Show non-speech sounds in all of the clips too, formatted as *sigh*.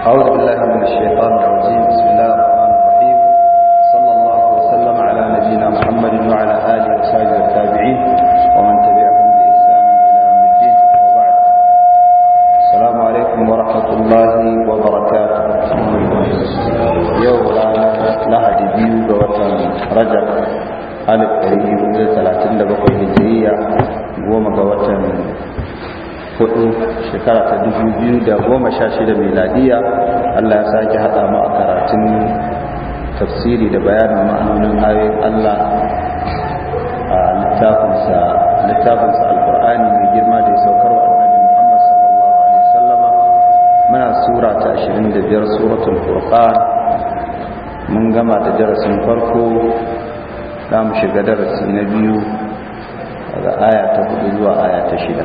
أعوذ بالله من الشيطان الرجيم بسم الله الرحمن الرحيم صلى الله وسلم على نبينا محمد وعلى آله وصحبه التابعين ومن تبعهم بإحسان إلى يوم الدين وبعد السلام عليكم ورحمة الله وبركاته يوم حديث بيو رجب ألف أيوب ثلاثين لبقى هجرية وما ga hudu shekara ta dubu biyu da goma sha shida miladiya allah ya sake haɗa mu a karatun tafsiri da bayanin ma'anonin ayoyin allah a littafinsa littafinsa alkur'ani mai girma da ya saukar wa annabi muhammad sallallahu alaihi wasallama muna sura ta 25 suratul furqan mun gama da darasin farko za mu shiga darasi na biyu daga aya ta hudu zuwa aya ta shida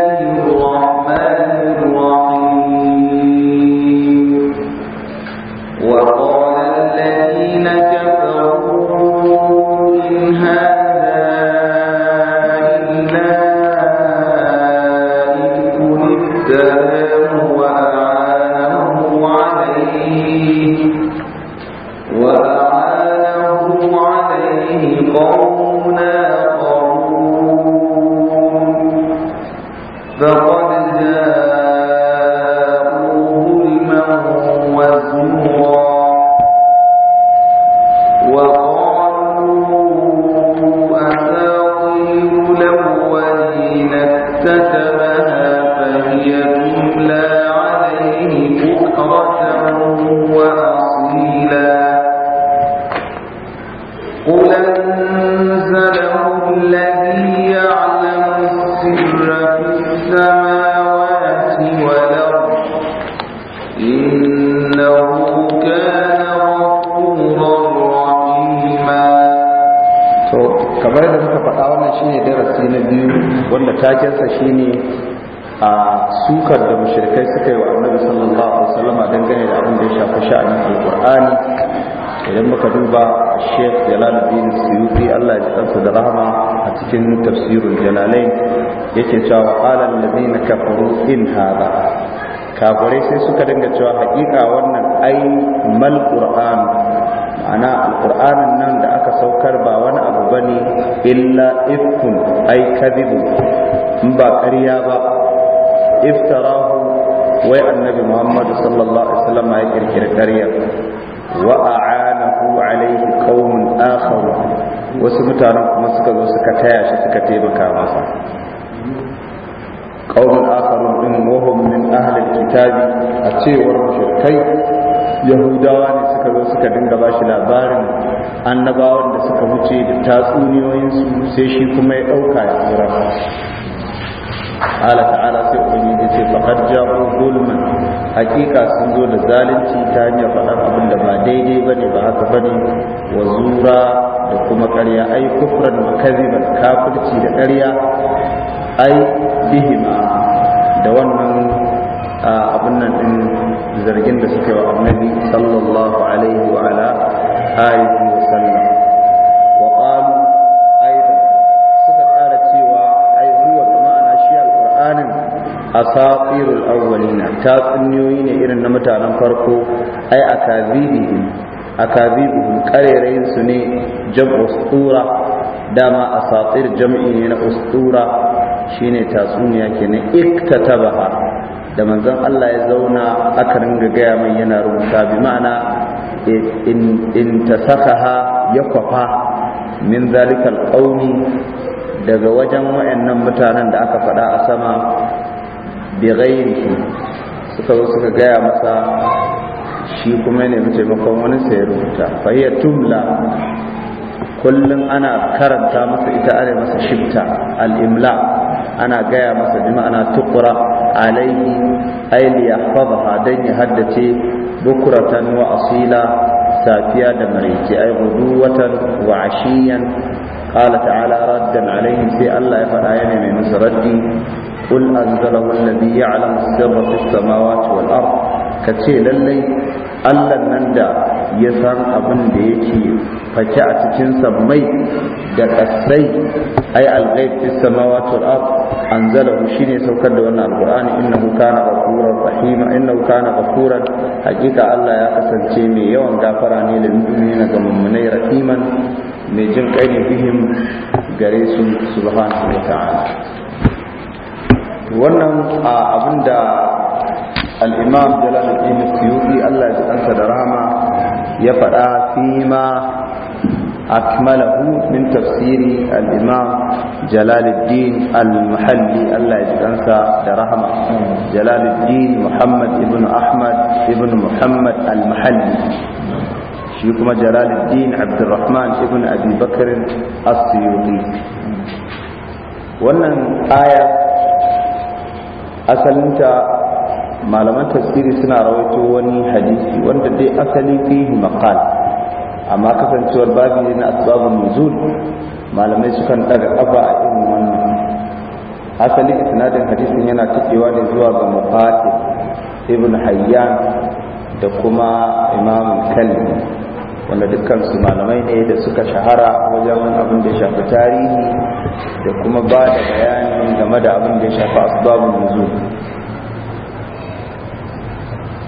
yake cewa qalan ladina kafaru in hada kafirai sai suka dinga cewa hakika wannan ai mal qur'an ma'ana alqur'anin nan da aka saukar ba wani abu bane illa ifkun ai kadhibu in ba ƙarya ba iftarahu wai annabi muhammadu sallallahu alaihi wasallam ya kirkira ƙarya wa a'anahu alaihi qaumun akharu wasu mutanen kuma suka zo suka taya shi suka taimaka masa min ahlil kitabi a cewar mushrikai yahudawa ne suka zo suka dinga bashi labarin annabawan da suka wuce da tatsuniyoyinsu sai shi kuma ya ɗauka ya tsira ala ta'ala sai ya ce faqad ja'u zulman hakika sun zo da zalunci ta hanyar faɗar abin da ba daidai bane ba haka bane wa zura da kuma ƙarya ai kufran wa kadhiban kafirci da ƙarya ai bihima da wannan abin nan din zargin da suka yi wa annabi sallallahu alaihi wa ala alihi wa sallam wa qalu aidan suka ƙara cewa ai huwa bi ma'ana shi alqur'anin asatirul awwalina ta tsinniyoyi ne irin na mutanen farko ai akazibihim akazibihim karerayin su ne jam'u sura dama asatir jam'i ne na ustura shine tatsuniya kenan iktataba da manzon Allah ya zauna aka ringa gaya mai yana rubuta bi ma'ana e, in ya kwafa min zalikal qaumi daga wajen wayannan mutanen da aka faɗa a sama bi ghairihi suka zo suka gaya masa shi kuma ne taimakon wani sai rubuta fa tumla kullum ana karanta masa ita ana masa shifta al-imla ana gaya masa bi ma'ana tuqra alaihi أي ليحفظها دين هدتي بكرة وأصيلا سافية دمريتي أي غدوة وعشيا قال تعالى ردا عليهم في الله يفرعيني من مزردي قل أنزله الذي يعلم السر في السماوات والأرض كتير للي ألا من دار ya san abin da yake fake a cikin samai da kasai ai alghaib fi samawati wal ard anzalahu shine saukar da wannan alqur'ani innahu kana ghafuran rahima innahu kana ghafuran hakika Allah ya kasance mai yawan gafara ne da mu'minina ga mu'minai rahiman mai jin kai bihim gare su subhanahu wa ta'ala wannan abinda al-imam jalaluddin suyuti Allah ya ji da rahama ya faɗa fima akmalahu min tafsiri al-imam jalaluddin al-muhalli Allah ya jikansa da rahama jalaluddin muhammad ibn ahmad ibn muhammad al-muhalli shi kuma jalaluddin abdurrahman ibn abi bakr as-suyuti wannan aya asalinta malaman tafsiri suna rawaito wani hadisi wanda dai asali fihi maqal amma kasancewar babu ne na asbabu nuzul malamai sukan daga aba a irin wannan asali isnadin hadisin yana cikewa da zuwa ga mufati ibn hayyan da kuma imam kalbi wanda dukkansu malamai ne da suka shahara wajen abin da ya shafi tarihi da kuma ba da bayani game da abin da ya shafi asbabu nuzul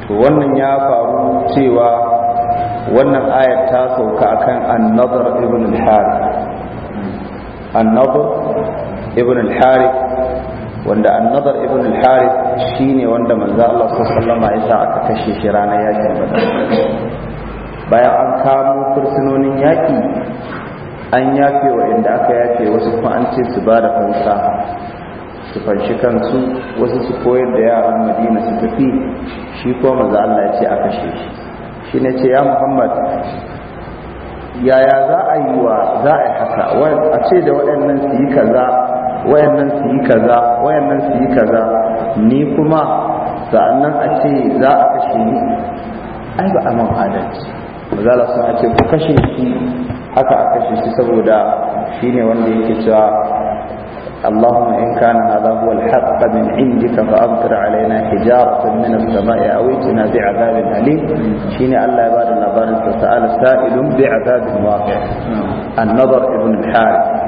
to wannan ya faru cewa wannan ayat ta sauka akan Annabar ibn al-harith Annabar ibn al-harith wanda Annabar ibn al-harith shine wanda manzo Allah sallama alaihi wasallam aka kashe shi ranar yakin bada bayan an kamo fursunonin yaki an yafe wa inda aka yafe wasu kuma an ce su ba da fansa su fanshi kansu wasu su koyar da yaran madina su tafi shi ko maza Allah ce a kashe shi shi ne ce ya muhammad yaya za a yi wa za a yi haka a ce da waɗannan su yi kaza waɗannan su yi kaza waɗannan su yi kaza ni kuma sa'annan a ce za a kashe ni ai ba a man adalci maza Allah sun a ce ku kashe shi haka a kashe shi saboda shi ne wanda yake cewa اللهم إن كان هذا هو الحق من عندك فأمطر علينا حجارة من السماء أو ائتنا بعذاب أليم شين الله يبارك الله بارك سأل سائل بعذاب واقع النظر ابن الحارث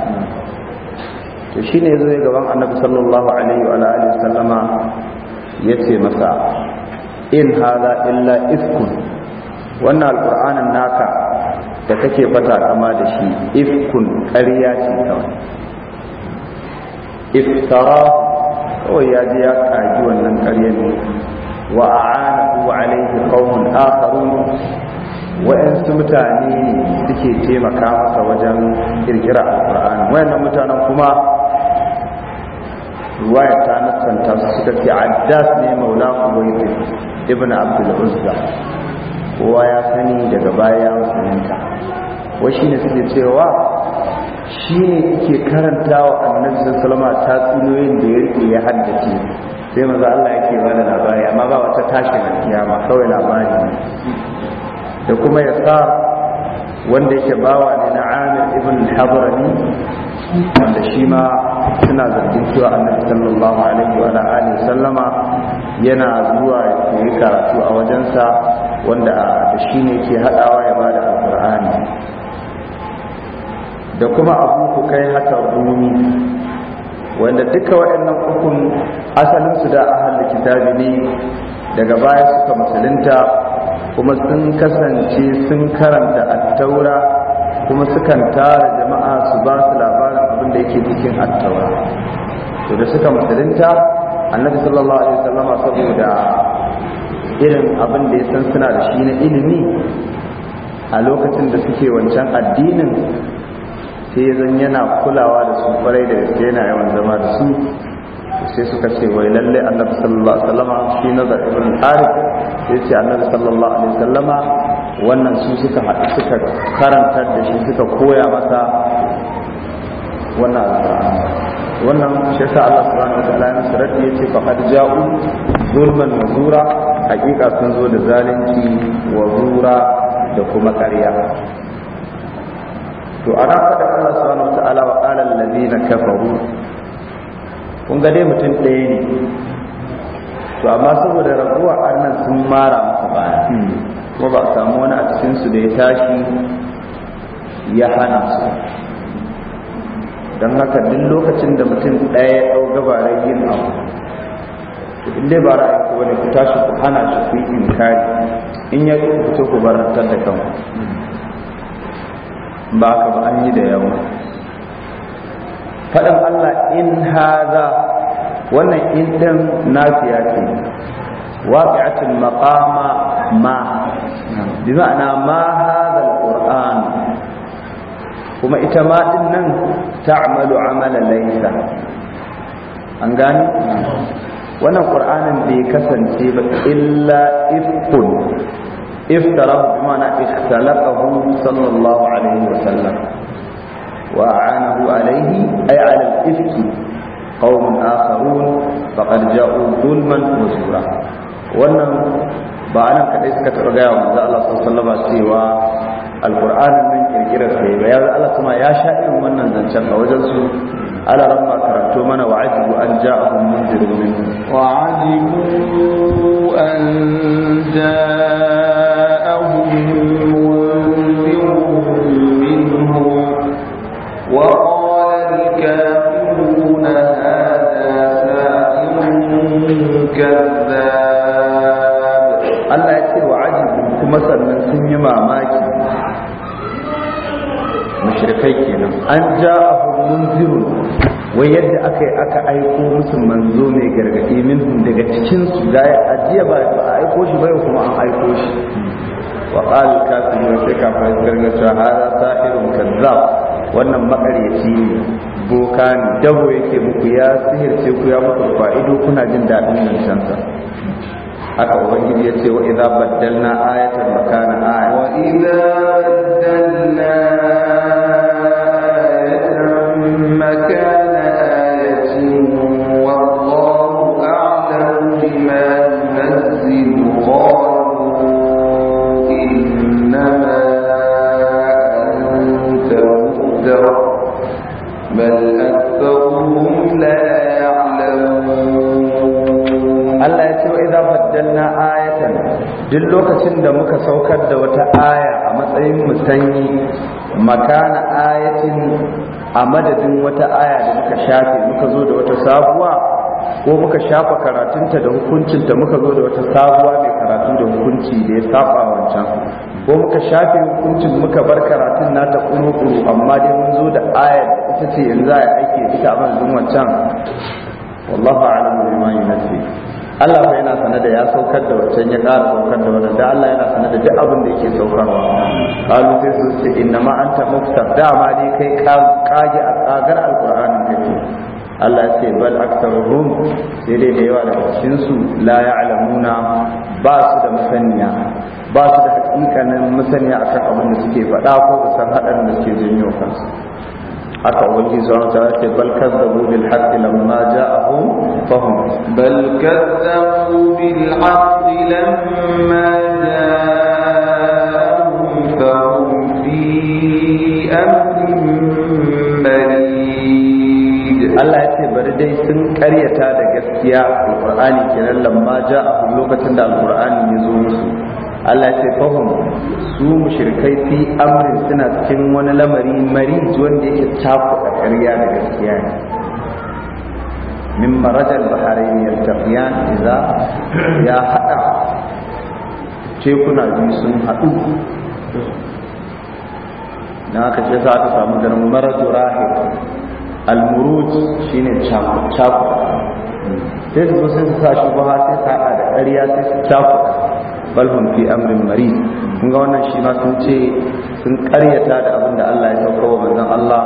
shi ne ya zo ya gaban annabi sallallahu alaihi wa alihi ya ce masa in hada illa ifkun wannan alƙur'anin naka da kake fata kama da shi ifkun ƙarya ce kawai iftara kawai ya je ya kaji wannan ƙarya ne wa a'anahu alaihi qaumun akharun wa'ansu mutane suke taimaka masa wajen kirkira alqur'ani wayannan mutanen kuma ruwaya ta nasanta su suka ce addas ne maula kuwait ibn abdul uzza kowa ya sani daga baya musulunta wai shine suke cewa shi ne ke karanta wa annabi sallama ta tsuniyoyin da ya rike ya haddace sai maza Allah yake bada labari amma ba wata tashi na kiyama kawai labari da kuma ya sa wanda yake bawa ne na Amir ibn habrani wanda shi ma suna zargin cewa annabi sallallahu alaihi wa alihi sallama yana zuwa ya karatu a wajensa wanda da shi ne ke hadawa ya bada alqur'ani da kuma abu ku kai haka rumi wanda duka waɗannan ukun asalinsu da ahal kitabi ne daga baya suka musulunta kuma sun kasance sun karanta attaura kuma sukan tara jama'a su ba su labarin abin da yake cikin attaura to da suka musulunta annabi sallallahu alaihi wasallama saboda irin abin da ya san suna da shi na ilimi a lokacin da suke wancan addinin sai zan yana kulawa da su kwarai da gaske yana yawan zama da su sai suka ce wai lalle annabi sallallahu alaihi wasallama shi da ibn harith sai ce annabi sallallahu alaihi wasallama wannan su suka haɗu suka karanta da shi suka koya masa wannan alƙur'ani wannan shi yasa Allah subhanahu wataala ya nusrat ya ce fa qad ja'u zulman wa zura hakika sun zo da zalunci wa zura da kuma ƙarya to ana faɗa Allah subhanahu ta'ala wa qala allazina kafaru kun ga dai mutum ɗaya ne to amma saboda raguwa annan sun mara masa baya hmm. kuma ba a samu wani a cikinsu da ya tashi ya hana su don haka duk lokacin da mutum ɗaya ya ɗau gabarai yin abu in dai ba ra'ayin ku ne ku tashi ku hana shi ku yi inkari in ya ku fito ku barantar da kanku hmm. ba ka ba an yi da yawa faɗin Allah in haza wannan in ɗin nafiya ce waqi'atul maqama ma bi ma'ana ma hadha alquran kuma ita ma din nan ta'malu amala laysa an gani wannan qur'anin bai kasance ba illa ifkun افترق بمعنى اختلقه صلى الله عليه وسلم وأعانه عليه أي على الإفك قوم آخرون فقد جاءوا ظلما وزورا wannan ba ana kaɗai suka taɓa gaya wa manzo Allah sallallahu alaihi wasallam cewa alqur'ani min kirkirar sai ba yanzu Allah ya sha irin wannan zancen ba wajen su ala rabba karanto mana wa ajibu an ja'ahum munzirun min wa ajibu an ja'a هم منذرهم منهم وقال الكافرون mamaki mashirkai kenan an ja'ahum munzirun wai yadda aka yi aka aiko musu manzo mai gargaɗi minhum daga cikinsu da ajiya ba a aiko shi ba kuma an aiko shi wa qala kafirun sai kafirai suka rinka cewa hada sahirun kazzab wannan makaryaci ne boka ne dabo yake muku ya siyarce ku ya muku fa'ido kuna jin daɗin nan haka ubangiji ya ce wa idza baddalna ayatan makana duk lokacin da muka saukar da wata aya a matsayin musanyi makana ayatin a madadin wata aya da muka shafe muka zo da wata sabuwa ko muka shafa karatunta da hukuncinta muka zo da wata sabuwa mai karatu da hukunci da ya saba wancan ko muka shafe hukuncin muka bar karatun nata kuru-kuru amma dai mun zo da aya ita ce yanzu a aiki ita a manzon wancan wallahu a'lamu bima yunasib Allah fa yana sanar da ya saukar da wancan ya ƙara saukar da wannan da Allah yana sanar da duk abin da yake saukarwa qalu sai su ce inna ma anta muftar dama ma dai kai ka kage a tsagar alqur'ani kake Allah ya ce bal aktaruhum sai dai da yawa daga cikin su la ya'lamuna ba su da musaniya, ba su da hakikanin musaniya akan abin da suke faɗa ko ba san hadarin da suke janyo kansu حتى أبنجي سبحانه وتعالى بل كذبوا بالحق لما جاءهم فهم بل كذبوا بالحق لما جاءهم فهم في أمر مريد الله يتبر ديسن إيه؟ كرية تادك السياق القرآن كنا لما جاءهم لوقة عند القرآن يزوم Allah ce fahim su mushrikai fi amrin suna cikin wani lamari mari wanda yake takuɗa ƙarya da gaskiya ne min marajal ya tafiya idza ya hada tekuna biyu sun haɗu na aka ce za ka samu garin maradu al almuruj shine cakuɗa sai su sun sa shi ba sai ta da ƙarya sai su bal hum fi amrin marid kun ga wannan shi ma sun ce sun karyata da abin da Allah ya sauka wa manzon Allah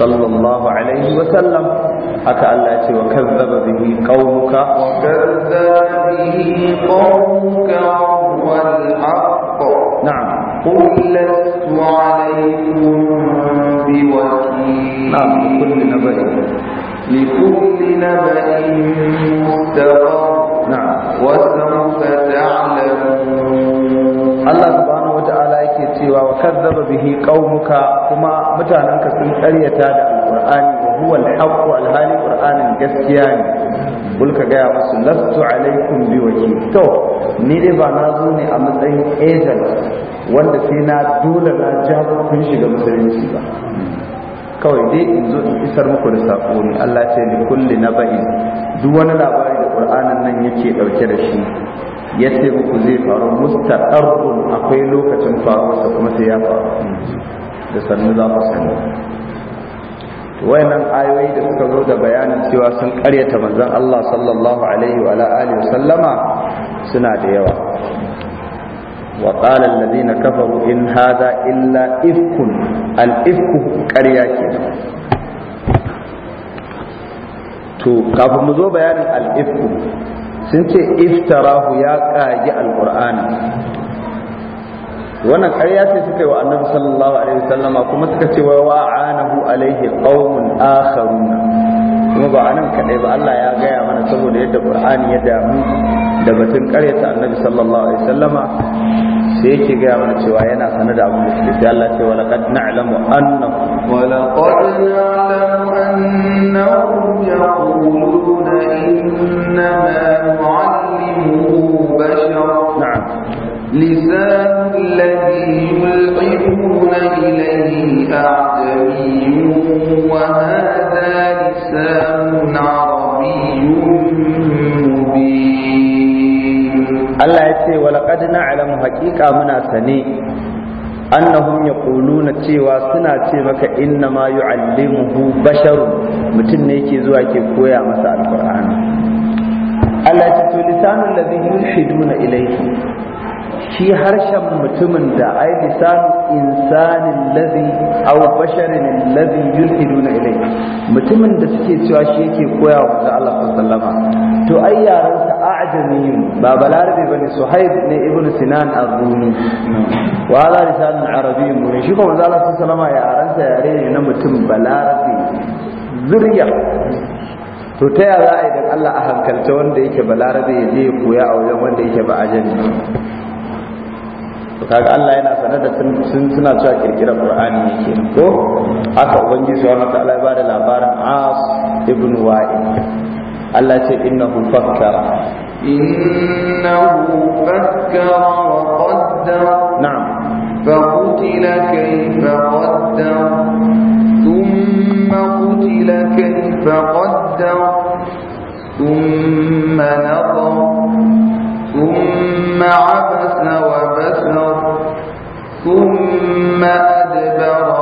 sallallahu alaihi wa sallam haka Allah ya ce wa kazzaba bihi qaumuka wa kazzaba bihi qaumuka wal haqq na'am قل لست عليكم بوكيل نعم كل نبأ لكل نبأ مستقر نعم وسوف تعلم Allah subhanahu wata'ala yake cewa wa zaba bihi qaumuka kuma mutananka sun karyata da alqur'ani wa huwa alhaqqu alhali qur'anin gaskiya ne kul ka gaya musu lastu alaikum biwakil to ni dai ba na zo ne a matsayin agent wanda sai na dole na jago kun shiga musulunci ba kawai dai in zo in isar muku da sako ne Allah ce ni kulli duk wani labari da qur'anin nan yake dauke da shi yace muku zai faru mustaqarrun akwai lokacin faruwarsa kuma sai ya faru da sannu za ku sani wayannan ayoyi da suka zo da bayanin cewa sun karyata manzon Allah sallallahu alaihi wa alihi wa sallama suna da yawa wa qala alladhina kafaru in hadha illa ifkun al ifku qarya kenan to kafin mu zo bayanin al ifku sun ce iftarahu ya ƙagi alƙur'ani wannan ƙarya ce suka yi wa annabi sallallahu alaihi wasallama kuma suka ce wa wa'anahu alaihi qaumun akharuna kuma ba anan kadai ba Allah ya gaya mana saboda yadda Qur'ani ya damu da batun ta annabi sallallahu alaihi wasallama sai yake gaya mana cewa yana sanar da abu da sai Allah ce wala qad na'lamu annahu wala qad na'lamu annahum yaquluna inna يلقيه بشرا نعم لسان الذي يلقون إليه أعجمي وهذا لسان عربي مبين الله يتي ولقد نعلم حقيقة سني annahum yaquluna cewa suna ce maka inna ma yu'allimuhu basharun mutum ne yake zuwa ke koya masa alqur'ani Allah ce to lisanul ladhi yulhiduna ilayhi shi harshen mutumin da ai lisanul insanin ladhi aw basharin ladhi yulhiduna ilayhi mutumin da suke cewa shi yake koya wa manzo Allah sallama to ai yaran sa a'jamiyun ba balarabi bane suhaib ne ibn sinan az-zuni wa ala lisanul arabiy mun shi kuma manzo Allah sallama yaran sa yare ne na mutum balarabi zuriya to ta ya za a yi don Allah a hankalta wanda yake balarabe ya je ya koya a wajen wanda yake ba ajami to kaga Allah yana sanar da sun suna cewa kirkirar Qur'ani ke. ko haka ubangiji subhanahu wa ta'ala ya bada labarin As ibn wa'i. Allah ce innahu fakkara innahu fakkara wa qaddara na'am فقتل كيف قدر ثم قتل كيف قدر ثم نظر ثم عبس وبسر ثم أدبر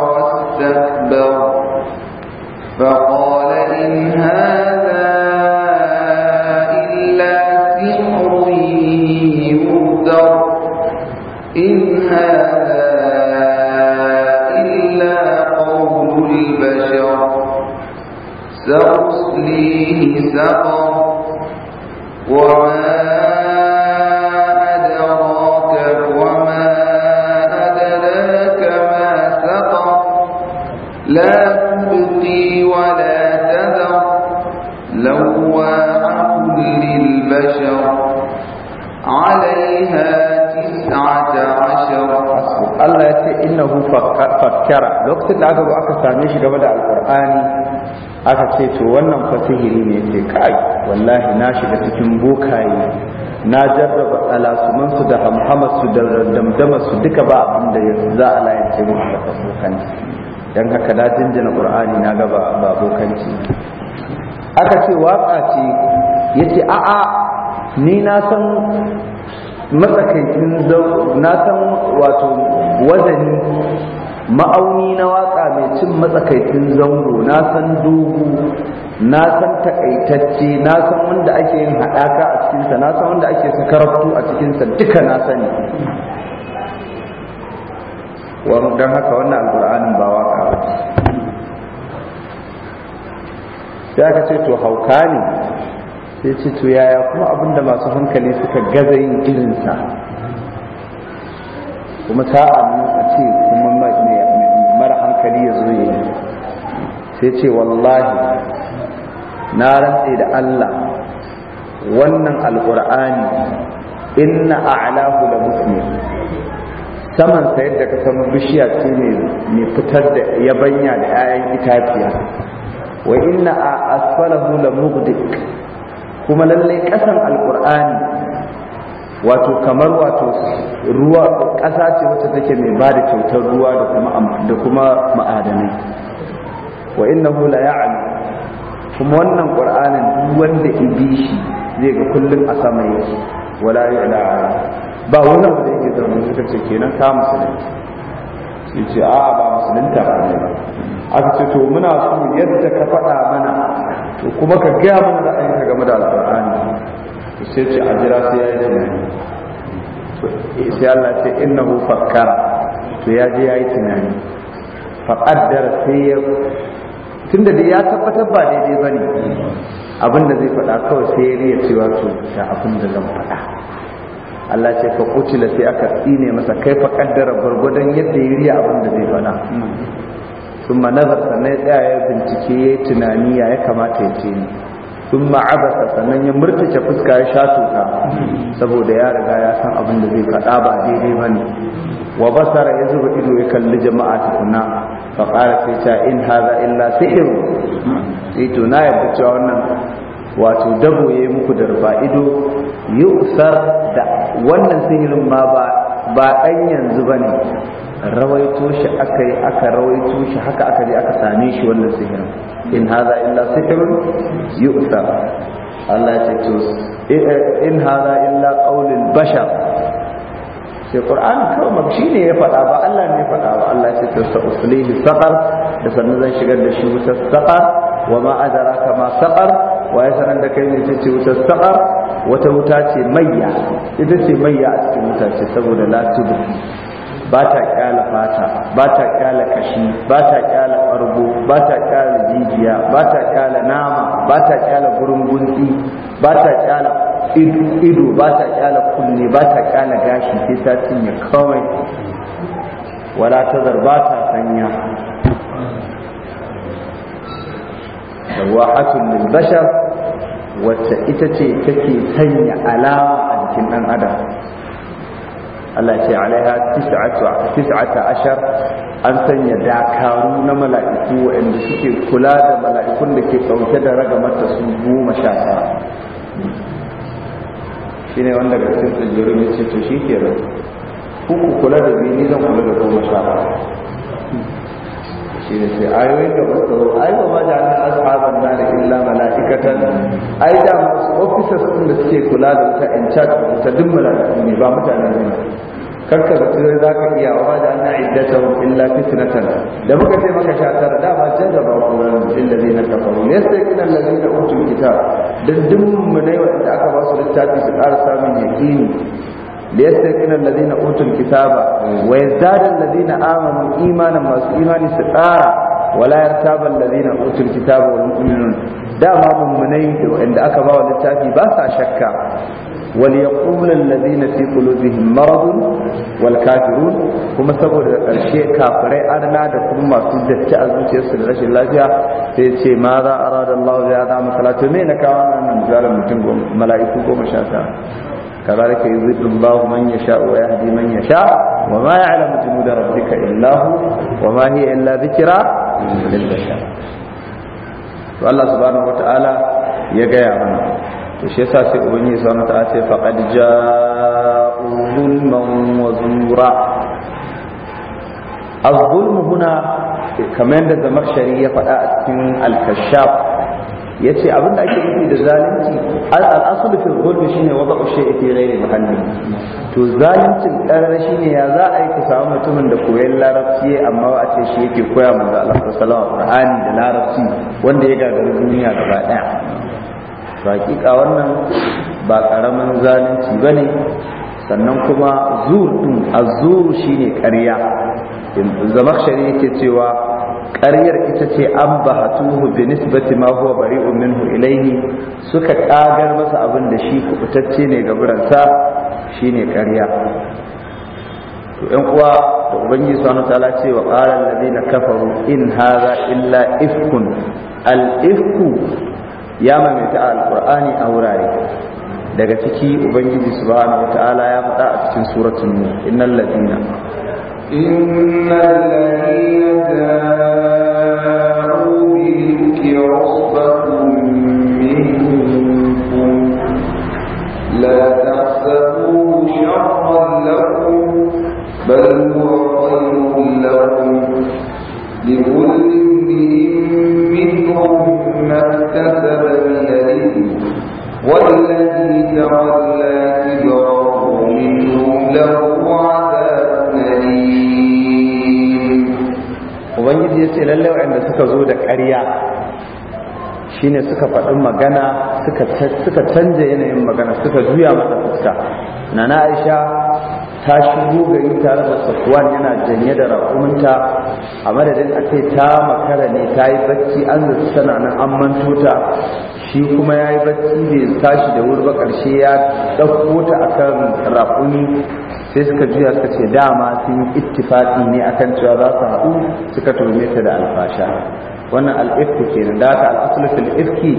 aka ce to wannan fasihiri ne ce kai wallahi na shiga cikin bokaye na jarraba alasuman su da hamhamar su da damdamar su duka ba abinda da za a layance mu da bokanci dan haka na jinjina qur'ani na ga ba bokanci aka ce waka ce yace a a ni na san matsakaicin na san wato wazani ma'auni na san matsakaicin zango na san dogo na san takaitacce na san wanda ake yin haɗaka a cikinsa na san wanda ake karatu a cikinsa duka na sani don haka wannan alƙur'anin ba waka ba sai aka ce to hauka ne sai ce to yaya kuma abinda masu hankali suka gaza yin irinsa kuma sa'an a ce kuma hankali ya zo yi sai ce wallahi na rantse da Allah wannan alƙur'ani inna a'lahu da muslim saman sa yadda ka san bishiya ce ne mai fitar da yabanya da 'ya'yan itaciya wa inna a asfalahu la mugdik kuma lallai ƙasan alƙur'ani wato kamar wato ruwa ƙasa ce wacce take mai ba da kyautar ruwa da kuma ma'adanai wa innahu la ya'lam kuma wannan qur'anin duk wanda ya bi shi zai ga kullum a sama yake wala ya'la ba wannan da yake da mun suka ce kenan ka musulunci sai ce a ba musulunta ba ne aka ce to muna so yadda ka faɗa mana to kuma ka gaya mana ayyuka game da alqur'ani sai ce a jira sai ya yi tunani sai Allah ce hu fakkara to ya je ya yi tunani faƙaddara sai ya tunda da ya tabbatar ba daidai ba ne abinda zai faɗa kawai sai ya riya cewa to ga abin da zan faɗa Allah ce ka kucila sai aka tsine masa kai faƙaddara gwargwadon yadda ya riya abin da zai faɗa sun nazar sannan ya tsaya ya bincike ya yi tunani ya ya kamata ya ce ni sun ma'abasa sannan ya murtace fuska ya sha tuka saboda ya riga ya san abin da zai faɗa ba daidai ba ne wa basara ya zuba ido ya kalli jama'a tukuna fa ƙara sai ta in haza illa sihiru sai to na yarda cewa wannan wato dabo ya yi muku da rufa ido yi usar da wannan sihirin ma ba ɗan yanzu ba ne rawaito shi aka yi aka rawaito shi haka aka je aka same shi wannan sihirin in haza illa sihirun yu'sar Allah ya ce to eh, eh, in haza illa qaulul bashar sai Qur'an kawai ma shi ne ya faɗa ba Allah ne ya faɗa ba Allah ya ce to sa uslihi saqar da sannan zan shigar da shi wuta saqar wa ma adraka ma saqar wa ya da kai ne ce wuta saqar wata wuta ce mayya ita ce mayya a cikin wuta ce saboda la tubqi ba ta kyala fata ba ta kyala kashi ba ta kyala ɓargo ba ta kyala jijiya ba ta kyala nama ba ta kyala gurin gunzi ba ta kyala ido ba ta kyala kunne ba ta kyala gashi sai ta cinye kawai wala ta zarba ta sanya shawahatun lil bashar wacce ita ce take sanya alama a jikin ɗan adam Allah ce alaiha tis'ata ashar an sanya dakaru na mala'iku waɗanda suke kula da mala'ikun da ke ɗauke da ragamarta su goma sha tara shi ne wanda ga cikin tsibirin ya ce to shi ke nan ku kula da biyu ni zan kula da goma sha tara shi ne ce ayoyin da wasu tsaro ai ba ma jami'a ashaban na da illa mala'ikatan ai da masu officers din da suke kula da ta in chat ta duk mala'iku ne ba mutane ne karka da turai za ka iya wa da ana iddata wa illa fitnatan da muka ce maka shatar da ba can da ba ku ran illazi na kafaru ne sai kina lazi da utul kitab dan duk mu ne wanda aka ba su littafi su ƙara samun yaqini ليستيقن الذين أوتوا الكتاب ويزداد الذين آمنوا إيمانا مع إيمان سقارا ولا يرتاب الذين أوتوا الكتاب والمؤمنون دام مؤمنين وإن أكبا وللتافي باسا شكا وليقول الذين في قلوبهم مرض والكافرون kuma saboda ƙarshe kafirai arna da kuma masu datti a zuciyarsu da rashin lafiya sai ce ma za a rada Allah ya za masala to me na kawo nan misalin mutum mala'iku goma sha tara كذلك يضل الله من يشاء ويهدي من يشاء وما يعلم جنود ربك إلا هو وما هي إلا ذكرى للبشر والله سبحانه وتعالى يقيا منا وشي يسا سي أبني سبحانه وتعالى فقد جاءوا ظلما وزورا الظلم هنا كمان ده مخشري يفقى الكشاف ya ce abin da ake nufi da zalunci al'asul fil zulmi shine wada ushe fi ghairi muhalli to zaluncin karara ne ya za a yi ka samu mutumin da koyan larabci amma ba a ce shi yake koya manzo Allah sallallahu alaihi da larabci wanda ya gagari duniya gaba daya hakika wannan ba karamin zalunci bane sannan kuma zur din azzuru shine ƙarya zamakshari yake cewa ƙaryar ita ce an ba hatuhu bi nisbati ma huwa bari'un minhu ilaihi suka kagar masa abin da shi kubutacce ne ga buransa shine ƙarya to ƴan uwa da ubangiji subhanahu ta'ala ce wa qala alladhina kafaru in hadha illa ifkun al ifku ya mamaita alqur'ani a wurare daga ciki ubangiji subhanahu ta'ala ya faɗa a cikin suratul nur innal ladina إن الذين جاءوا ƙarya ne suka faɗi magana suka canza yanayin magana suka juya masa fuska na aisha ta shigo gari tare da safuwan yana janye da raƙuminta a madadin a ce ta makara ne ta yi bacci an zai sana nan an manto shi kuma ya yi bacci bai tashi da wuri ba ƙarshe ya ɗauko ta a kan raƙumi sai suka juya suka ce dama sun yi ittifaƙi ne akan cewa za su haɗu suka tuhume ta da alfasha wannan al'ifki nan da aka al'asulu fil ifki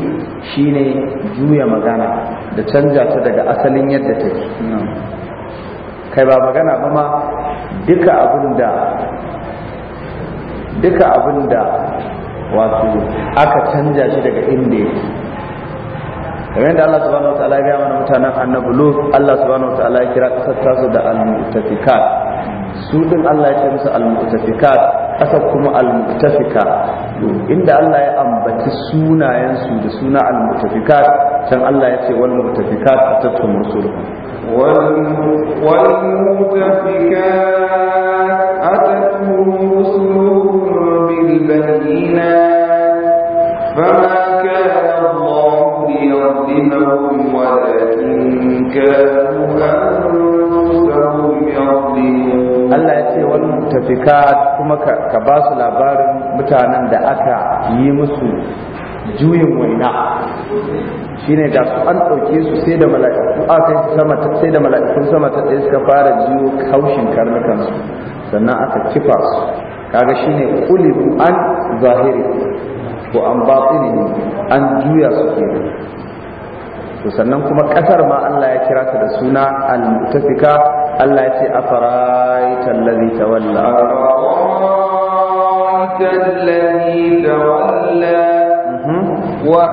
shine juya magana da canja ta daga asalin yadda take kai ba magana ba ma duka abin da duka abin da wato aka canja shi daga inda yake kamar da Allah subhanahu wataala ya mana mutanen annabi Lut Allah subhanahu wataala ya kira kasar tasu da al-mu'tafikat su din Allah ya ce musu al-mu'tafikat ƙasa kuma al almutafika inda Allah ya ambaci sunayen su da suna al almutafika can Allah ya ce wal mutafika tatum rusuluhum wal mutafika atatum rusuluhum bil bayyinat fama kana Allah liyadhlimahum walakin kanu ce lalacewar tafika kuma ka ba su labarin mutanen da aka yi musu juyin waina shine da su an ɗauke su sai da mala'iku a kai sama sai da mala'ikun sama ta ɗaya suka fara jiwo kaushin karnukansu sannan aka kifa su kaga ne ƙulibu an zahiri ko an batini an juya su ke to sannan kuma ƙasar ma Allah ya kira ta da suna al-mutafika Allah ya ce a allazi tawalla afaraita allazi tawalla mhm. wa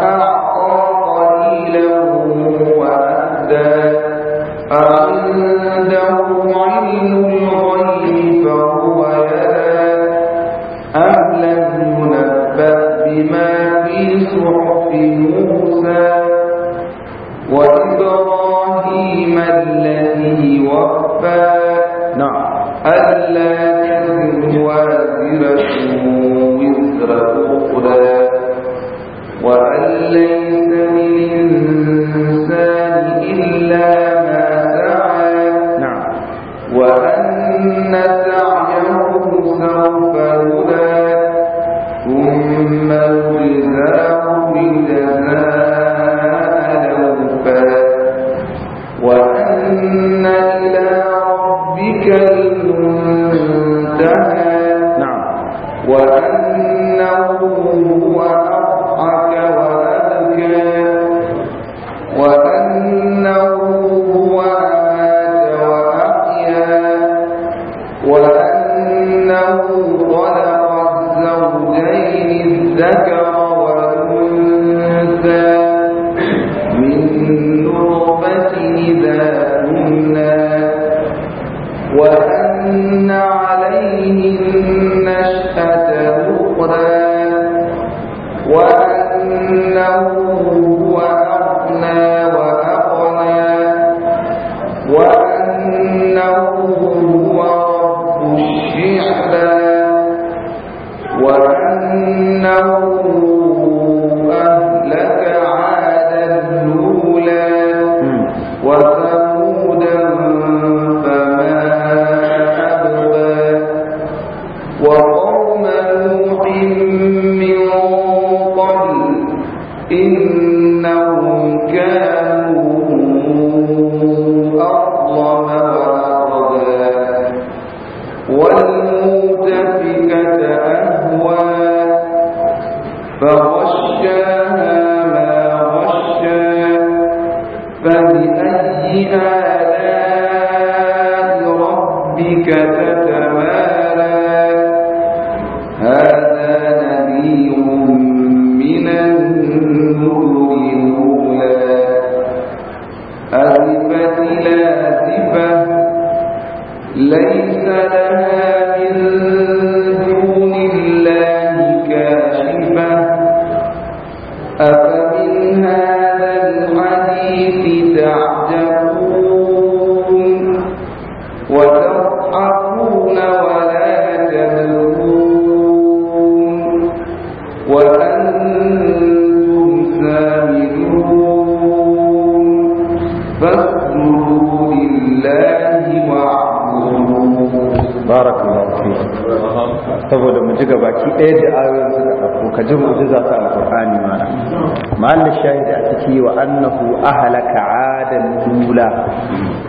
ahlaka adan tula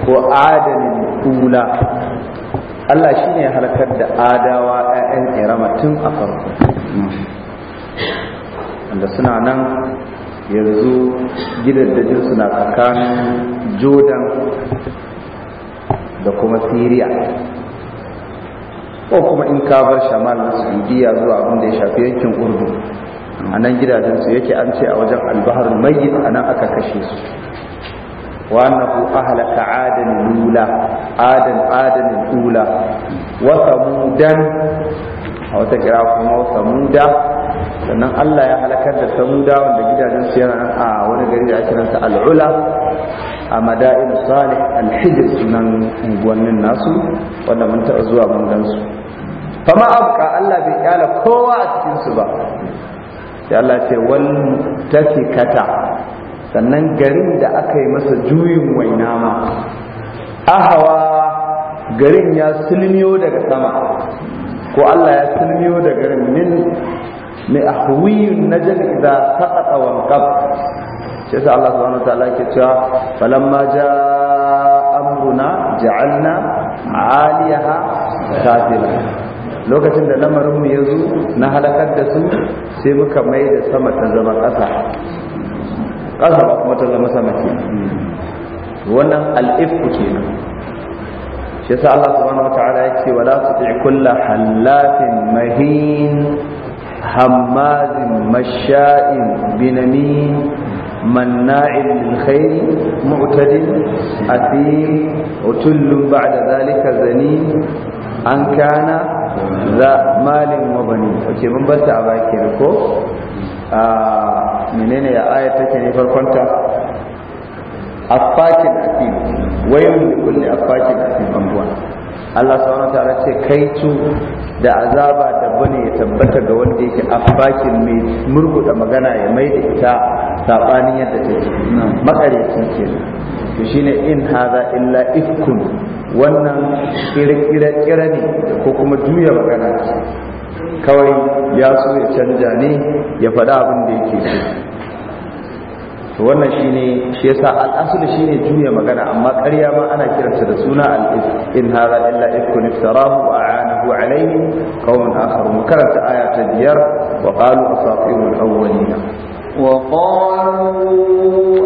ko adan tula Allah shine ya halakar da adawa ƴaƴan irama tun a farko wanda suna nan yanzu gidajen suna tsakanin jordan da kuma syria ko kuma in ka bar shamal na saudiya zuwa abin da ya shafi yankin urdu a nan gidajensu yake an ce a wajen albahar mayyit a nan aka kashe su wa annahu ahlaka adan lula adan adan lula wa samudan a wata kira kuma samuda sannan Allah ya halakar da samuda wanda su yana nan a wani gari da ake ransa al'ula a madain salih al-hijr sunan unguwannin nasu wanda mun taɓa zuwa mun gansu fama abka Allah bai kyala kowa a cikinsu ba sai Allah ce wal mutafikata sannan garin da aka yi masa juyin waina ma ahawa garin ya sulmiyo daga sama ko Allah ya sulmiyo da garin min mai ahwiyun najal idza saqata wa qab sai sa Allah subhanahu wataala ke cewa falamma ja amruna ja'alna 'aliyaha safila lokacin da lamarinmu ya zo na halakar da su sai muka mai da sama ta zama ƙasa ƙasa kuma ta zama sama ke wannan al'ifku ke nan shi yasa Allah subhanahu wa ta'ala ya ce wala tuti kulla hallafin mahin hammazin masha'in binamin مناع للخير معتد أثيم utullun بعد zalika zani, an kana. za malin mabani bani ok mun bar a baki ko a menene ya aya take ne farkon ta afakin asim wayun li kulli afakin asim ambuwan Allah subhanahu wa ta'ala ce kaitu da azaba da bane ya tabbata ga wanda yake afakin mai da magana ya mai da ita sabanin yadda take makareci kenan to shine in haza illa ifkun wannan kire-kire ne ko kuma juya magana kawai ya so ya canja ne ya faɗa abin da yake to wannan shine shi yasa al'asul shine juya magana amma ƙarya ma ana kiranta da suna al in hadha illa ifkun iftarahu wa a'anahu alayhi qawmun akharun karanta aya ta biyar wa qalu asatirul awwalin wa qalu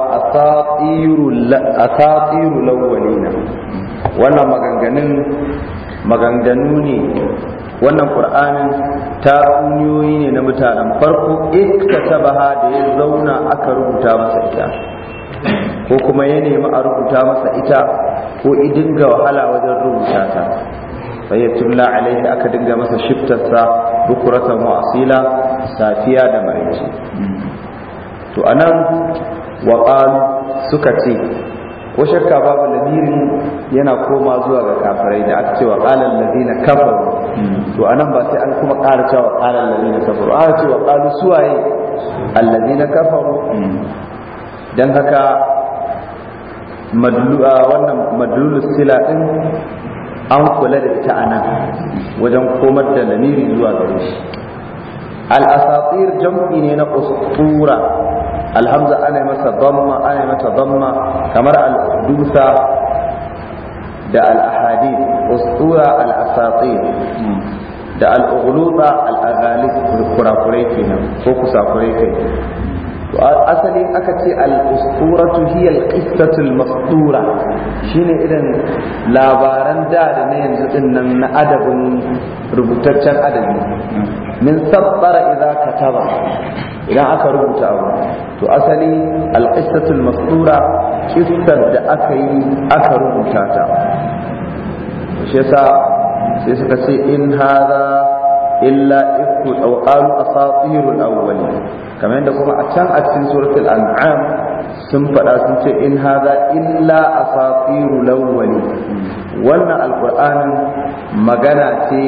asatirul awwalina wannan maganganun maganganu ne wannan qur'anin ta uniyoyi ne na mutanen farko ita ta baha da ya zauna aka rubuta masa ita ko kuma ya nemi a rubuta masa ita ko ga wahala wajen rubuta ta sai ya tumla alaihi aka dinga masa shiftarsa bukuratan wa safiya da maraice to anan wa suka ce ko shakka babu lamirin yana koma zuwa ga kafirai da aka ce wa ƙalar ladina kafaru to anan ba sai an kuma ƙara cewa ƙalar ladina kafaru a ce wa ƙalu suwaye alladina kafaru dan haka madlu'a wannan madlulu sila din an kula da ita anan wajen komar da lamiri zuwa gare shi al-asatir jam'i ne na ustura alhamza ana yi masa damma ana yi masa damma kamar al-dusa da al-ahadith usura hmm. da al-ughluta al ko kusakurai kai asali aka ce al-usturatu hiya shine irin labaran da na yanzu din na adabin rubutaccen adabi hmm. min sassara idza kataba idan aka rubuta abu to asali alqistatul masdura qissar da aka yi aka rubuta ta shi yasa sai suka ce in hadha illa ifku aw qalu asatirul awwalin kamar yadda kuma a can a cikin suratul an'am sun faɗa sun ce in hadha illa asatirul awwalin wannan alqur'anin magana ce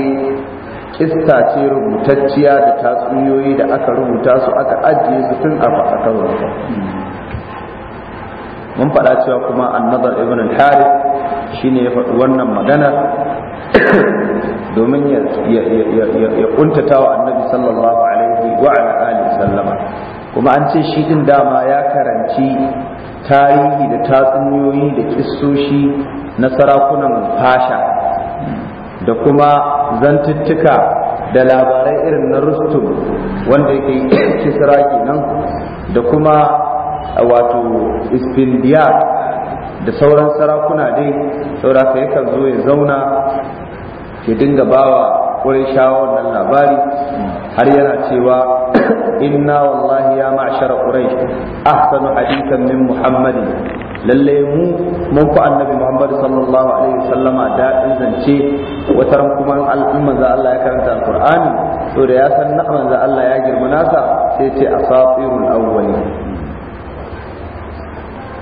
Kista ce rubutacciya da tatsuniyoyi da aka rubuta su aka ajiye su tun a ba mun faɗa cewa kuma annabar ibn al-harith shine ya faɗi wannan magana *coughs* domin ya kuntata wa annabi sallallahu alaihi wa alihi sallama kuma an ce shi din dama ya karanci tarihi da tatsuniyoyi da kissoshi na sarakunan fasha da kuma zantuttuka da labarai irin na rustum wanda yake kisra kenan da kuma wato ispindiya da sauran sarakuna dai sauraka yakan zo ya zauna ya dinga bawa wurin shawo wannan labari har yana cewa inna wallahi ya معشر قريش ahsanu hadithan min محمد Lallai mu mun fi annabi Muhammad sallallahu alaihi wasallama daɗin zance wata ran kuma al'umman za Allah ya karanta alqur'ani to da ya san na'aman za Allah ya girma nasa sai ce asatirul awwali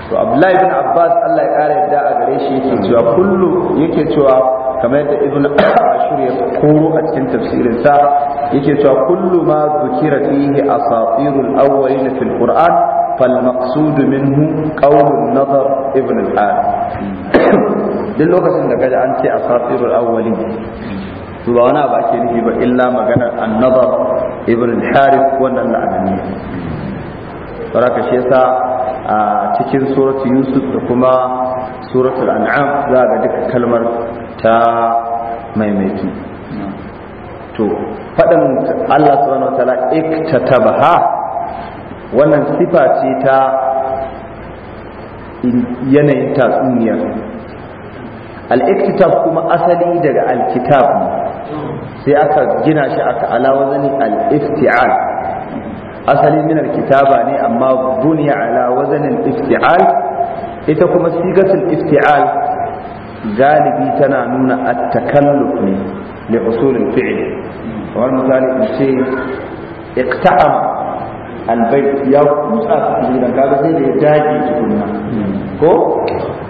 to Abdullahi bin Abbas Allah ya ƙara yadda a gare shi yake cewa kullu yake cewa kamar yadda ibn Ashur ya koro a cikin tafsirin sa yake cewa kullu ma zukira fihi asatirul awwalin fil qur'an فالمقصود منه قول النظر ابن الآن duk lokacin da kaji an ce a safirul awwalin to ba wani abu ake nufi ba illa maganar annabar ibn al-harith wannan la'anani baraka shi yasa a cikin suratul yusuf da kuma suratul an'am za ga duka kalmar ta maimaiti to faɗin Allah subhanahu wa ta'ala iktatabha wannan sifa ce ta yanayin tatsuniyar al'iktitab kuma asali daga alkitab sai aka gina shi aka alawa zane al'ifti'al asali min alkitaba ne amma buniya ala wazanin ifti'al ita kuma sigatul ifti'al galibi tana nuna at-takalluf ne li usulil fi'l kamar misali in ce iqta'ama albai ya kutsa a cikin gidan kaga sai da ya dage tukunna ko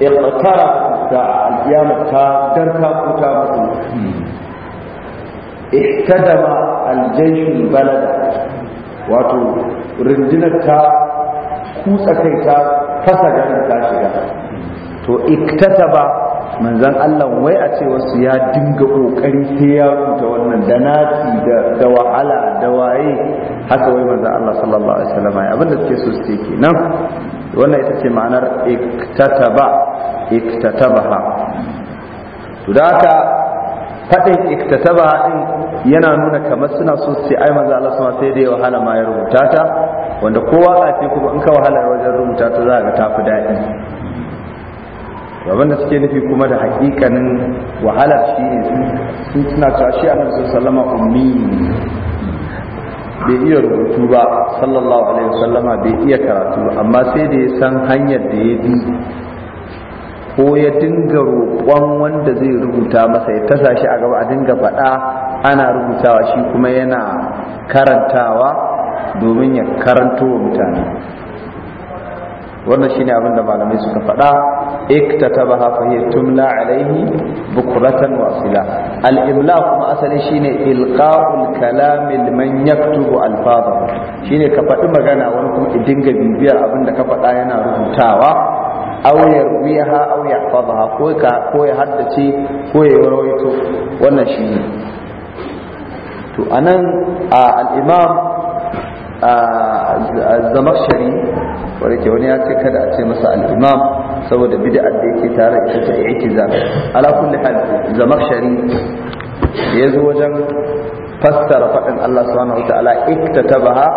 iqtara da alkiyama ta dan kuta musu ihtadama aljaysh balada wato rindinar ta kutsa kai ta fasa garin ta shiga to iktataba manzan Allah wai a ce wasu ya dinga kokari sai ya rubuta wannan da naci da wahala da waye haka wai manzan Allah sallallahu alaihi wasallam ya abinda suke so su ke nan wannan ita ce ma'anar iktataba iktatabaha to da haka fadin iktataba din yana nuna kamar suna so su ai manzan Allah Suna sai da wahala ma ya rubuta ta wanda kowa a ce kuma in ka wahala wajen rubuta ta za ka tafi daɗi Wa da suke nufi kuma da hakikanin wahala shi ne sun suna cewa a nan sallama ummi bai iya rubutu ba sallallahu alaihi wasallama bai iya karatu amma sai da ya san hanyar da ya bi ko ya dinga roƙon wanda zai rubuta masa ya tasa shi a gaba a dinga faɗa ana rubutawa shi kuma yana karantawa domin ya karanto wa mutane wannan shine abin da malamai suka faɗa iktatabaha fa hiya tumla alayhi bukratan wa asila al imla kuma asali shine ilqa'ul kalam liman yaktubu alfazahu shine ka faɗi magana wani kuma dinga bibiyar abinda ka faɗa yana rubutawa aw yarwiha aw yahfazaha ko ka ko ya haddace ko ya rawaito wannan shine to anan al-imam zamakshari wadda ke wani ya ce kada a ce masa al'imam saboda bid'ar da yake tare ita ta i'tiza ala kulli hal zamakhshari ya zo wajen fassara faɗin Allah subhanahu wataala iktatabaha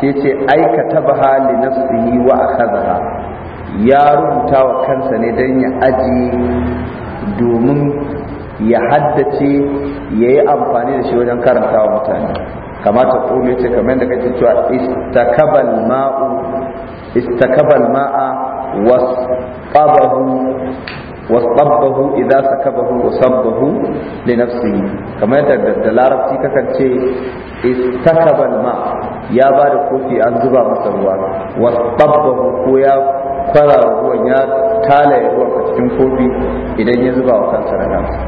sai ce aikatabaha li nafsihi wa akhadha ya rubuta wa kansa ne dan ya aji domin ya haddace ya yi amfani da shi wajen karanta wa mutane kamata ƙulu ya ce kamar da kake cewa istakabal istakabal ma'a was sabbahu wasabbahu idza sakabahu wasabbahu li nafsihi kamar yadda da larabci kakan ce istakaba ma ya ba da kofi an zuba masa ruwa wasabbahu ko ya fara ruwan ya tala ruwa a cikin kofi idan ya zuba wa kansa da kansa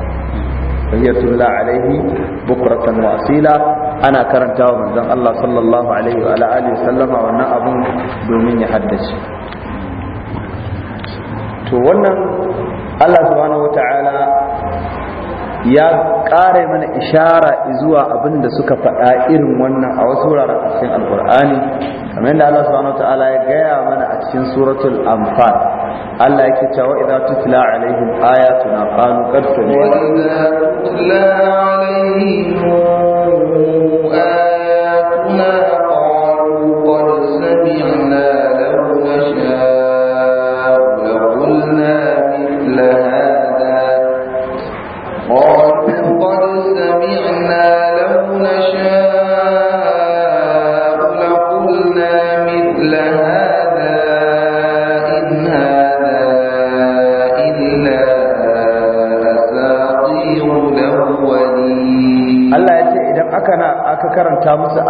ya tulla alaihi bukratan wa asila ana karantawa manzon Allah sallallahu alaihi wa alihi wasallama wannan abun domin ya haddace to wannan Allah subhanahu wata'ala ya kare mana ishara zuwa abin da suka faɗa irin wannan a wasu wuraren cikin alkur'ani kamar yadda Allah subhanahu wata'ala ya gaya mana a cikin suratul anfal Allah yake cewa idza tutla alaihim ayatuna qalu qad sami'na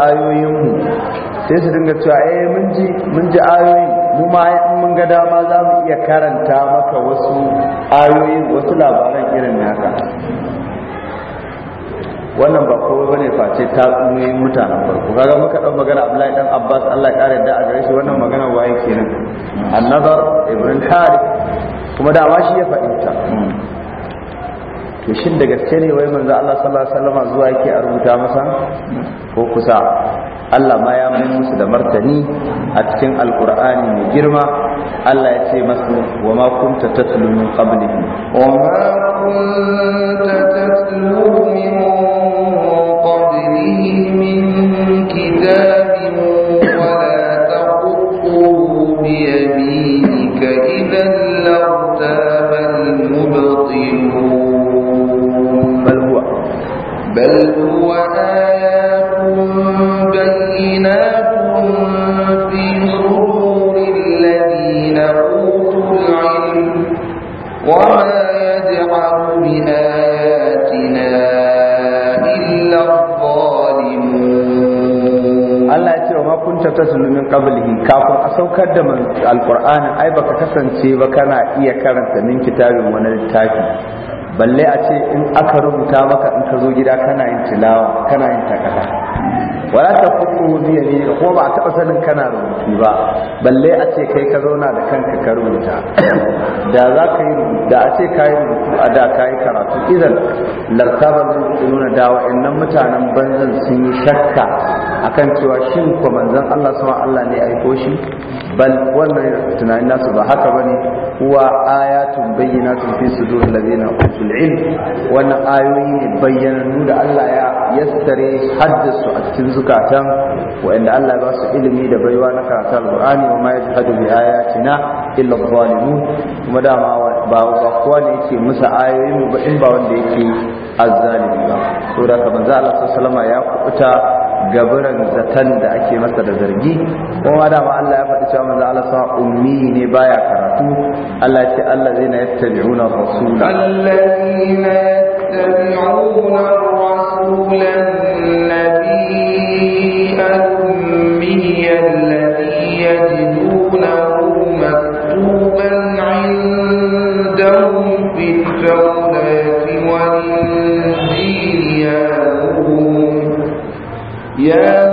ayoyinmu sai su dinga cewa eh mun ji mun ji ayoyi mu ma in mun ga dama za mu iya karanta maka wasu ayoyin wasu labaran irin naka wannan ba kowa bane face ta tsunoyin mutanen farko kaga muka dan magana Abdullahi dan Abbas Allah ya kare da a gare shi wannan magana waye kenan An-Nazar Ibn Harith kuma da ma shi ya ta to shin da gaske ne wai manzo Allah sallallahu alaihi wasallam zuwa yake a rubuta masa ko kusa Allah ma ya mai musu da martani a cikin alkur'ani mai girma Allah ya ce masu wa ma kunta tatlu min qablihi saukar da alkur'anin ai baka kasance ba kana iya karanta min kitabin wani littafi balle a ce in aka rubuta maka in ka zo gida kana yin tilawa kana yin takada wala ta fuku biya ne kuma ba a taɓa sanin kana rubutu ba balle a ce kai ka zauna da kanka ka rubuta *coughs* da za ka yi da a ce ka yi rubutu a da ka yi karatu idan lartaba nuna da wa'annan mutanen banzan sun yi shakka akan cewa shin ko manzon Allah sama Allah ne aiko shi bal wannan tunanin nasu ba haka bane huwa ayatun bayyinatun fi sudur alladhina utul ilm wannan ayoyi ne bayyananu da Allah ya yastare haddasu a cikin zukatan wa'anda Allah ya basu ilimi da baiwa na karatu alqur'ani wa ma yajhadu bi ayatina illa adh-dhalimun kuma dama ba ba kowa ne yake masa ayoyin ba in ba wanda yake azzalimi ba saboda haka manzo Allah sallallahu alaihi ya kubuta gaburan zaton da ake masa da zargi kuma da ba Allah ya faɗi cewa manzo Allah sa ummi ne baya karatu Allah ya ce allazina yattabi'una rasula allazina yattabi'una rasula النبي الأمي الذي يجدونه مكتوبا عندهم في يا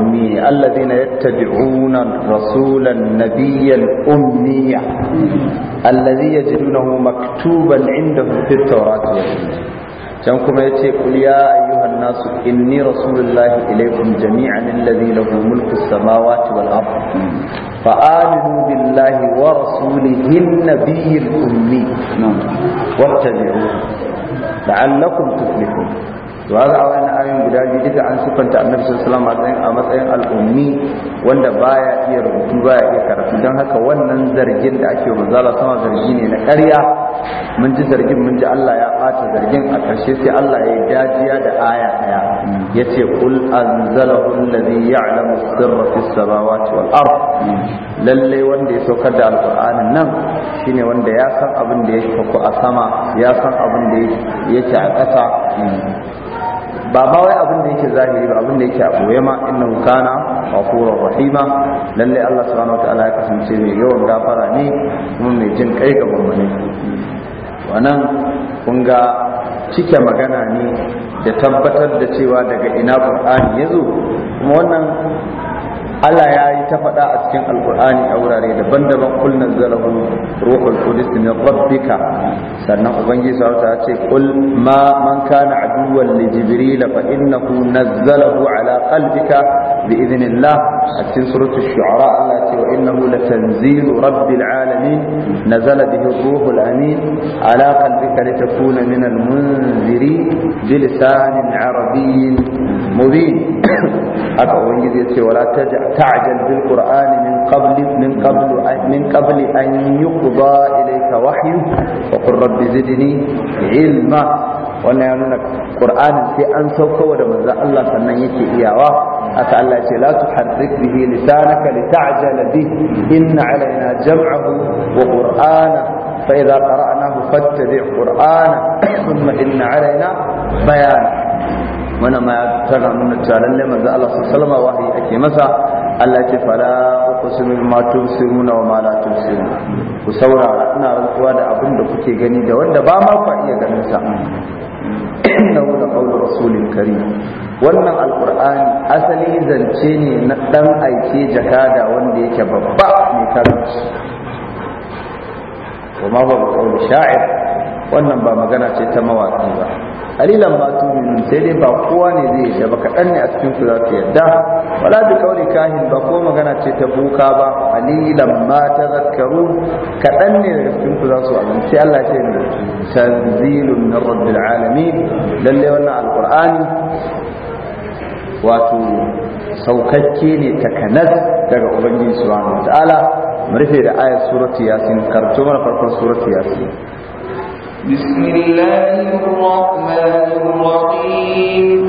الأمي الذين يتبعون الرسول النبي الأمي الذي يجدونه مكتوبا عندهم في التوراة جمكم كما يتي قل يا أيها الناس إني رسول الله إليكم جميعا الذي له ملك السماوات والأرض فآمنوا بالله ورسوله النبي الأمي نعم. واتبعوه لعلكم تفلحون to haka a wannan ayoyin guda biyu duka an sifanta annabi sallallahu alaihi wasallam a matsayin al'ummi wanda baya iya rubutu baya iya karatu don haka wannan zargin da ake manzala sama zargi ne na ƙarya mun ji zargin mun ji Allah ya ɓata zargin a ƙarshe sai Allah ya yi dajiya da aya ɗaya ya ce kul anzalahu alladhi ya'lamu sirra fis samawati wal ard lalle wanda ya saukar da alqur'anin nan shine wanda ya san abin da ya shafa a sama ya san abin da yake a ƙasa ba ba wai abin da yake zahiri ba abin da yake a boye ma inna kana ghafurur rahima lalle Allah subhanahu wataala ya kasance mai yawan gafara ne kuma mai jin kai ga mummuni wannan kun ga cike magana ne da tabbatar da cewa daga ina Qur'ani ya zo kuma wannan Allah ya yi ta faɗa a cikin alkur'ani a wurare daban-daban kul nazzalahu ruhul qudus min rabbika sannan ubangiji sa ta ce kul ma man kana aduwwan li jibril fa innahu nazzalahu ala qalbika بإذن الله أتين سورة الشعراء التي وإنه لتنزيل رب العالمين نزل به الروح الأمين على قلبك لتكون من المنذرين بلسان عربي مبين هذا *coughs* ويجي ولا تعجل بالقرآن من قبل من قبل من قبل أن يقضى إليك وحيه وقل رب زدني علما wannan ya nuna ƙur'anin sai an saukowa da manzan Allah sannan yake iyawa haka Allah ce la tuharrik bihi lisanaka lita'jala bihi inna alaina jam'ahu wa qur'ana fa idza qara'nahu fattabi' qur'ana thumma inna alaina bayan. wannan ma tana nuna cewa lalle manzo Allah sallallahu alaihi wahayi ake masa Allah ce fara uqsimu bima tumsiruna wa ma la tumsiruna ku saurara ina rantsuwa da abin da kuke gani da wanda ba ma ku iya ganin sa inna la qawlu rasulin karim wannan alqur'ani asali zance ne na dan aike jakada wanda yake babba mai karanci kuma ba qawlu sha'ir wannan ba magana ce ta mawaki ba qalilan ma tu'minun sai dai ba kowa ne zai yarda ba kaɗan ne a cikin su za su yarda wala bi qawli kahin ba ko magana ce ta buka ba qalilan ma tadhakkarun kaɗan ne daga cikin ku za su amince sai Allah ce ne tanzilun min rabbil alamin lalle wannan alqur'ani wato saukakke ne ta kanas daga ubangiji subhanahu wataala mu rufe da ayar surati yasin karto mana farkon surati yasin بسم الله الرحمن الرحيم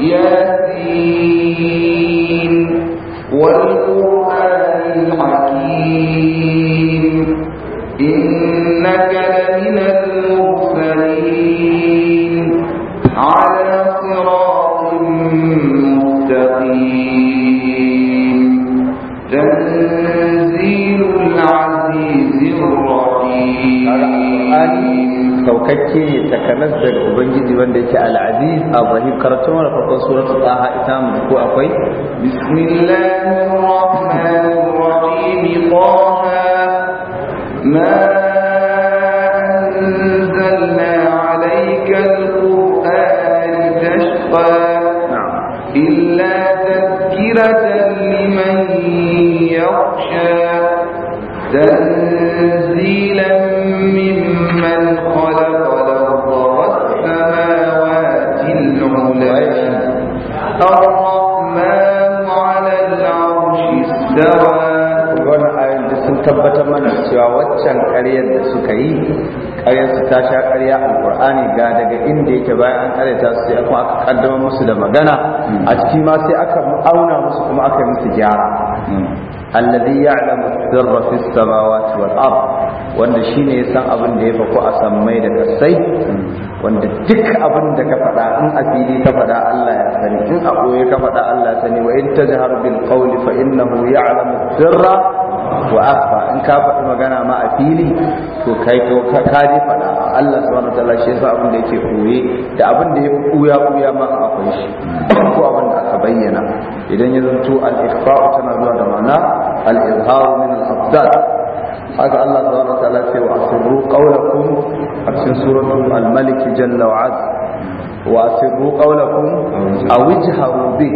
ياسين ubangiji wanda yake al-aziz al rahim karatun farkon suratul taha ita mu ko akwai bismillah alqur'ani ga daga inda yake bayan an karanta su sai kuma aka kaddama musu da magana hmm. a ciki ma sai aka auna musu kuma aka musu gyara hmm. alladhi ya'lamu sirra fis samawati wal ard wanda shine ya san abin da ya faku a sammai da kasai hmm. wanda duk abin da ka faɗa in a fili ka faɗa Allah ya sani in a koye ka faɗa Allah ya sani wa in tajhar bil qawli fa innahu ya'lamu sirra wa akhfa in ka faɗi magana ma a fili to kai ko ka ji faɗa Allah subhanahu wataala shi yasa abin da yake koye da abin da ya kuya kuya ma akwai shi ko abin da aka bayyana idan ya zanto al-ikhfa'u tana zuwa da ma'ana al izhar min al afdal haka Allah subhanahu wataala ce wa asirru qawlakum a cikin suratul al-malik jalla wa az wa wasirru qawlakum aw ijharu bi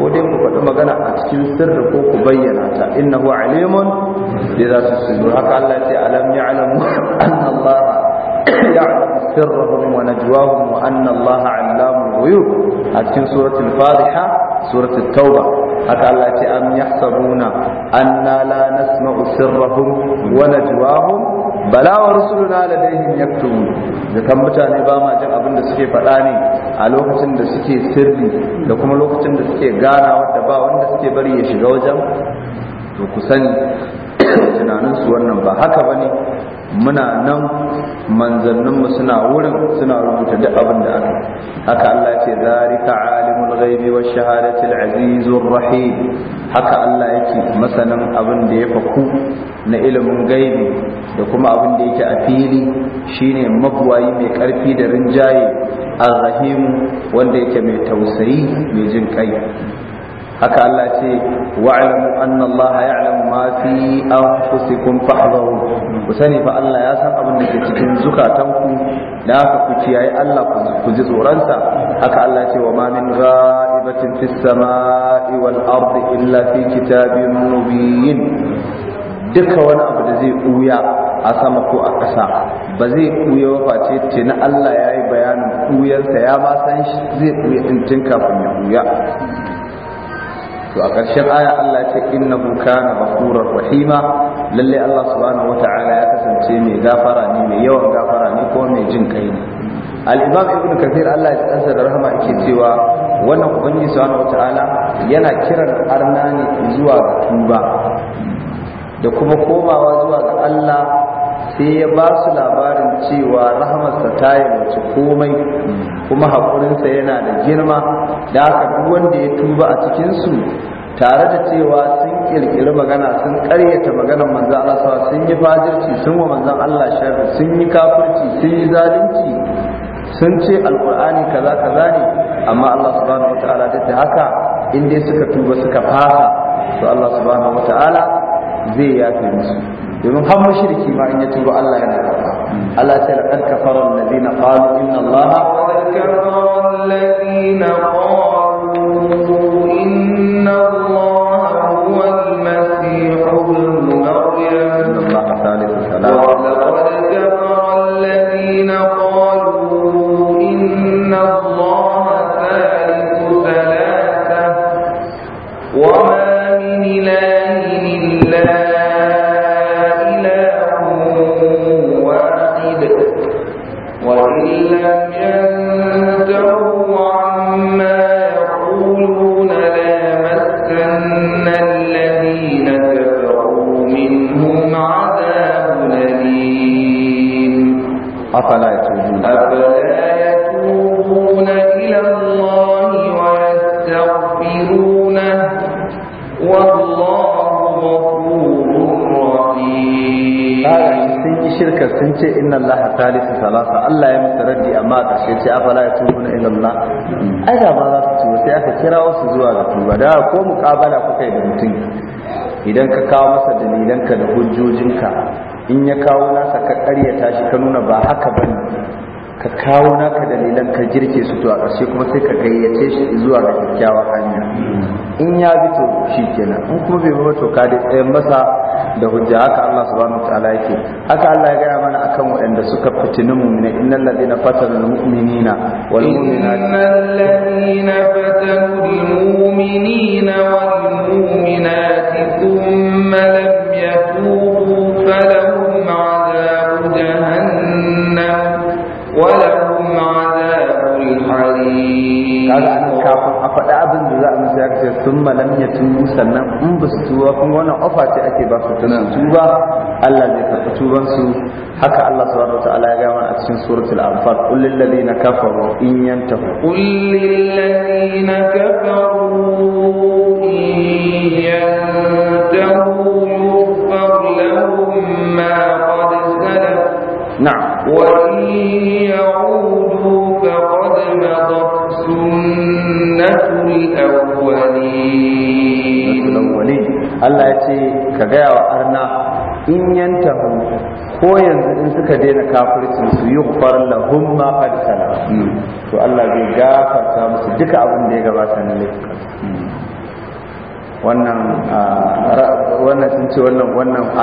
ko dai ku faɗi magana a cikin sirri ko ku bayyana ta innahu alimun bi zati sudur haka Allah ya ce alam ya'lamu *laughs* anna Allah يعلم سرهم ونجواهم وأن الله علام a cikin سورة الفاتحة سورة Ta'uba, haka Allah ce am yahsabuna anna la nasma'u sirrahum wa najwahum bala wa rusuluna ladaihim Da kan mutane ba ma jin abin da suke faɗa ne a lokacin da suke sirri da kuma lokacin da suke gana wadda ba wanda suke bari ya shiga wajen to ku sani *coughs* tunaninsu wannan ba haka bane muna nan manzanninmu suna wurin suna rubuta duk abin da aka haka Allah ce zalika alimul ghaibi wash shahadati azizur rahim haka Allah yake masanin abin da ya faku na ilimin gaibi da kuma abin da yake a fili shine mabwayi mai karfi da rinjaye arrahim wanda yake mai tausayi mai jin kai haka Allah ce wa'lamu anna Allah ya'lamu ma fi anfusikum fahdharu ku sani fa Allah ya san abin da ke cikin zukatanku da haka ku kiyaye Allah ku ji tsoronsa haka Allah ce wa ma min ghaibatin fis sama'i wal ardi illa fi kitabin mubin duka wani abu da zai ɓuya a sama ko a ƙasa ba zai ɓuya ba face ce na Allah ya yi bayanin ɓuyansa ya ba san shi zai ɓuya tun kafin ya ɓuya to a ƙarshen aya Allah ya ce buka na ghafurur rahima lalle Allah subhanahu wata'ala ya kasance mai gafara ne mai yawan gafara ne ko mai jin kai ne al-imam ibn Allah ya kansa da rahama yake cewa wannan ubangiji subhanahu wata'ala yana kiran arna ne zuwa ga tuba da kuma komawa zuwa ga Allah sai ya ba su labarin cewa rahamarsa ta yi mace komai kuma haƙurinsa yana da girma da aka duk wanda ya tuba a cikinsu tare da cewa sun ƙirƙiri magana sun ƙaryata maganar manzan Allah sun yi fajirci sun wa manzan Allah sharri sun yi kafirci sun yi zalunci sun ce alkur'ani kaza kaza ne amma Allah subhanahu ta'ala da haka in dai suka tuba suka fasa to Allah subhanahu ta'ala. zai yafe musu domin har mushriki ma in ya tuba Allah yana karba Allah ta laqad kafara alladhina qalu inna Allah qad kafara alladhina qalu inna Allah huwa al-masih ibn maryam Allah ta'ala sun yi shirka sun ce inna Allah salisu salasa Allah ya musu raddi amma a ƙarshe ce afala ya tubu na Allah ai da ba za su tuba sai aka kira wasu zuwa ga tuba da ko muƙabala kuka yi da mutum idan ka kawo masa dalilanka da hujjojinka in ya kawo nasa ka ƙaryata shi ka nuna ba haka ba ne ka kawo naka dalilan ka jirke su to a ƙarshe kuma sai ka gayyace shi zuwa ga kyakkyawar hanya in ya bi to shi kenan in kuma bai bi to ka dai tsayin masa da hujja haka Allah subhanahu wataala yake haka Allah ya gaya mana akan waɗanda suka fitini mu'mina innal ladina fatanu mu'minina wal mu'minat innal ladina fatanul mu'minina wal mu'minati thumma lam yatubu falahum adhabu jahannam wa lahum adhabul harim kafin a faɗa abin da za a musu ya kace sun malam tun tubu sannan in ba su tuba kuma wannan ofa ce ake ba su ta tuba Allah zai karɓi tubansu haka Allah subhanahu wataala ya gama a cikin suratul anfal qul lil ladina kafaru in yantahu qul lil ladina kafaru in yantahu yughfar lahum ma qad salaf na'am sunnatu Allah ya ce ka gaya wa arna in yantahu ko yanzu in suka daina kafircin su yi kufar lahum ma qad sala to Allah zai gafarta musu duka abin da ya gabata na laifukan wannan wannan sun wannan wannan